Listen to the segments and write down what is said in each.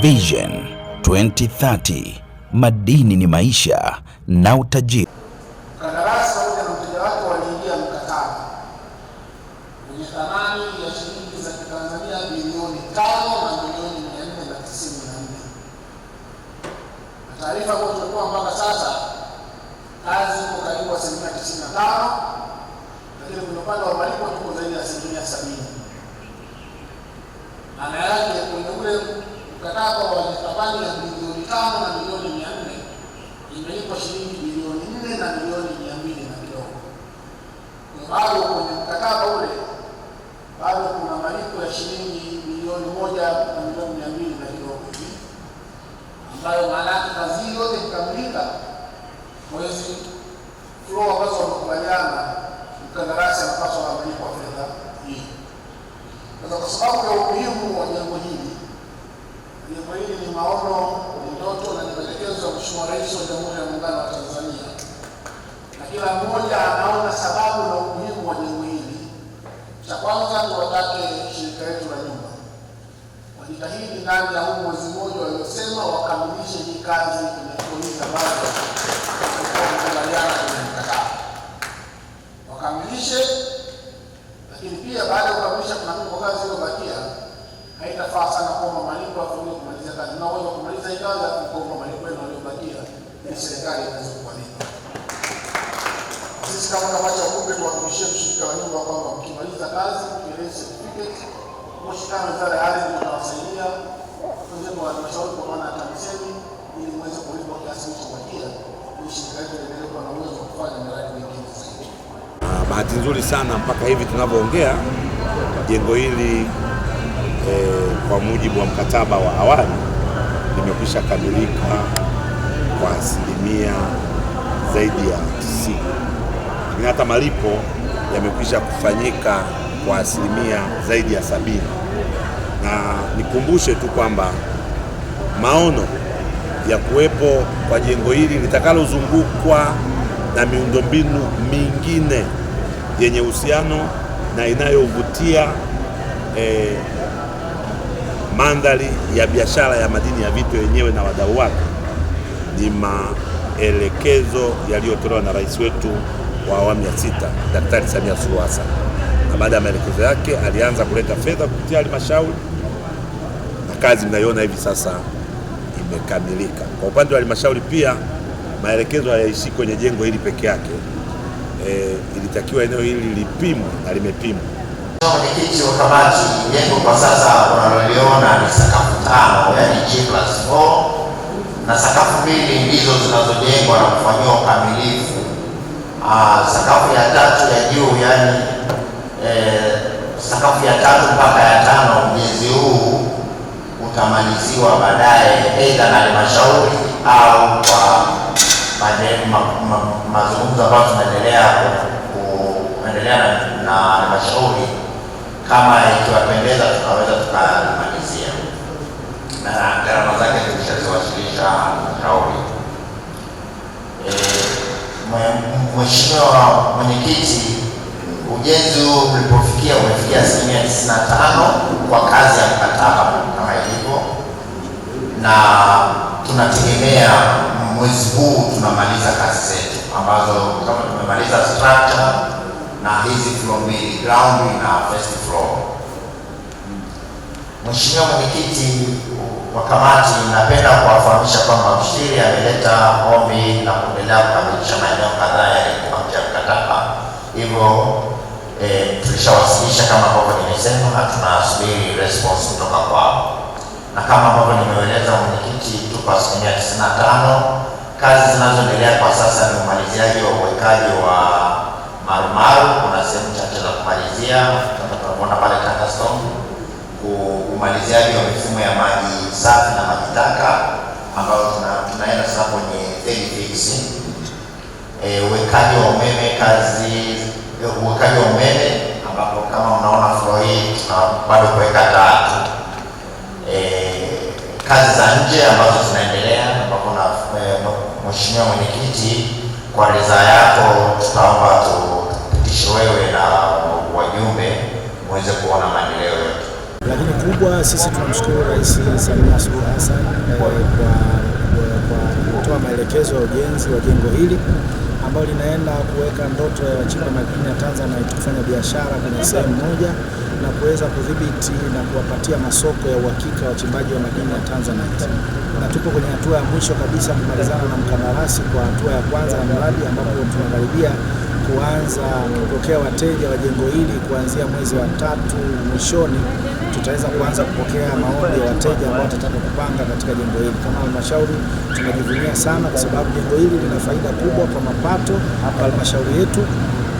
Vision 2030 madini ni maisha na utajiri. Mkandarasi pamoja na mteja wake waliingia mkataba wenye thamani ya shilingi za Kitanzania bilioni tano na milioni mia nne na tisini na nne na taarifa ambayo tumekuwa mpaka sasa, kazi iko karibu asilimia tisini na tano lakini kwenye upande wa malipo tuko zaidi ya asilimia sabini maana yake pato ya milioni tano na milioni mia nne imewekwa shilingi milioni nne na milioni mia mbili na kidogo. Bado kwenye mkataba ule bado kuna malipo ya shilingi milioni moja na milioni mia mbili na kidogo hivi, ambayo maana yake kazi yote ikikamilika mwezi flo ambazo wamekubaliana, mkandarasi anapaswa na malipo ya fedha hii. Sasa kwa sababu ya umuhimu wa jambo hili ni hili ni maono ndoto na maelekezo ya Mheshimiwa Rais wa Jamhuri ya Muungano wa Tanzania, na kila mmoja anaona sababu na umuhimu wa jambo hili. Cha kwanza tuwatake shirika letu la nyumba wajitahidi ndani ya huu mwezi mmoja waliosema wakamilishe hii kazi imetuliza baada kubaliana kwenye mkataba wakamilishe, lakini pia baada ya kukamilisha kuna mko kazi iliyobakia haitafaa sana mtu afunge kumaliza kazi, na wao kumaliza hii kazi kukopa malipo yenu waliobakia, ni serikali inaweza kuwalipa. Sisi kama kamati ya kupe tuwakilishie mshirika wa nyumba kwamba mkimaliza kazi mkieleze certificate, mshikana wizara ya ardhi tutawasaidia tuweze kuwashauri kwa maana ya TAMISEMI ili muweze kulipa kiasi kilichobakia, ili shirika letu liendelee kuwa na uwezo wa kufanya miradi mingine zaidi. Ah, bahati nzuri sana mpaka hivi tunavyoongea jengo hili e, kwa mujibu wa mkataba wa awali limekwisha kamilika kwa asilimia zaidi ya 90, lakini hata malipo yamekwisha kufanyika kwa asilimia zaidi ya sabini. Na nikumbushe tu kwamba maono ya kuwepo kwa jengo hili litakalozungukwa na miundombinu mingine yenye uhusiano na inayovutia eh, Mandhari ya biashara ya madini ya Vito yenyewe na wadau wake ni maelekezo yaliyotolewa na rais wetu wa awamu ya sita Daktari Samia Suluhu Hassan, na baada ya maelekezo yake alianza kuleta fedha kupitia halmashauri na kazi mnayoona hivi sasa imekamilika. Kwa upande wa halmashauri pia maelekezo hayaishi kwenye jengo hili peke yake. E, ilitakiwa eneo hili lipimwe na limepimwa. Mwenyekiti wa kamati jengo kwa sasa unaloliona ni sakafu tano, yani G plus 4 na sakafu mbili ndizo zinazojengwa na kufanyiwa ukamilifu. Ah, sakafu ya tatu ya juu yani e, sakafu ya tatu mpaka ya tano mwezi huu utamaliziwa baadaye, aidha na halmashauri au kwa mazungumzo ambayo tunaendelea kuendelea na halmashauri kama ikiwapendeza tunaweza tukamalizia na gharama zake tulishaziwasilisha halmashauri. E, mheshimiwa Mwenyekiti, ujenzi huu ulipofikia umefikia asilimia tisini na tano kwa kazi ya mkataba kama ilivyo, na tunategemea mwezi huu tunamaliza kazi zetu ambazo kama tumemaliza structure na hizi floor mbili, ground na first floor. Mheshimiwa mwenyekiti wa kamati, napenda kuwafahamisha kwamba mshiri ameleta ombi na kuendelea kukamilisha maeneo kadhaa yaliyokuwa nje mkataba, hivyo eh, tulishawasilisha kama ambavyo nimesema, na tunasubiri response kutoka kwao, na kama ambavyo nimeeleza mwenyekiti, tuko asilimia 95. Kazi zinazoendelea kwa sasa ni umaliziaji wa uwekaji wa marumaru. Kuna sehemu chache za kumalizia kama tunavyoona pale taka stongu, umaliziaji wa mifumo ya maji safi na maji taka, ambayo tunaenda sasa kwenye e, uwekaji wa umeme kazi, uwekaji wa umeme ambapo kama unaona flow hii bado kuweka taa e, kazi za nje ambazo zinaendelea ambapo na e, mheshimiwa mwenyekiti, kwa ridhaa yako tutaomba tu wewe na wajumbe muweze kuona maendeleo yote. Lakini kubwa, sisi tunamshukuru Rais Samia Suluhu Hassan eh, kwa kutoa maelekezo ya ujenzi wa jengo hili ambalo linaenda kuweka ndoto ya wachimba madini ya Tanzania kufanya biashara kwenye sehemu moja na kuweza kudhibiti na kuwapatia masoko ya uhakika wachimbaji wa madini ya Tanzanite. Na tupo kwenye hatua ya mwisho kabisa kumalizana na mkandarasi kwa hatua ya kwanza ya mradi ambapo tunakaribia kuanza kupokea wateja wa jengo hili kuanzia mwezi wa tatu mwishoni, tutaweza kuanza kupokea maombi ya wateja ambao watataka kupanga katika jengo hili. Kama halmashauri tunajivunia sana, kwa sababu jengo hili lina faida kubwa kwa mapato hapa halmashauri yetu,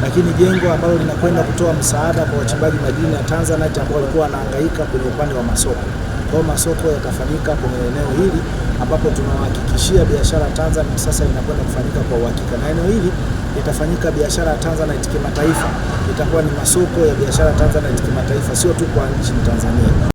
lakini jengo ambalo linakwenda kutoa msaada kwa wachimbaji madini ya Tanzanite ambao walikuwa wanahangaika kwenye upande wa masoko. Kwa masoko yatafanyika kwenye eneo hili ambapo tunahakikishia biashara Tanzanite sasa inakwenda kufanyika kwa uhakika, na eneo hili itafanyika biashara Tanzanite kimataifa, itakuwa ni masoko ya biashara Tanzanite kimataifa, sio tu kwa nchi Tanzania.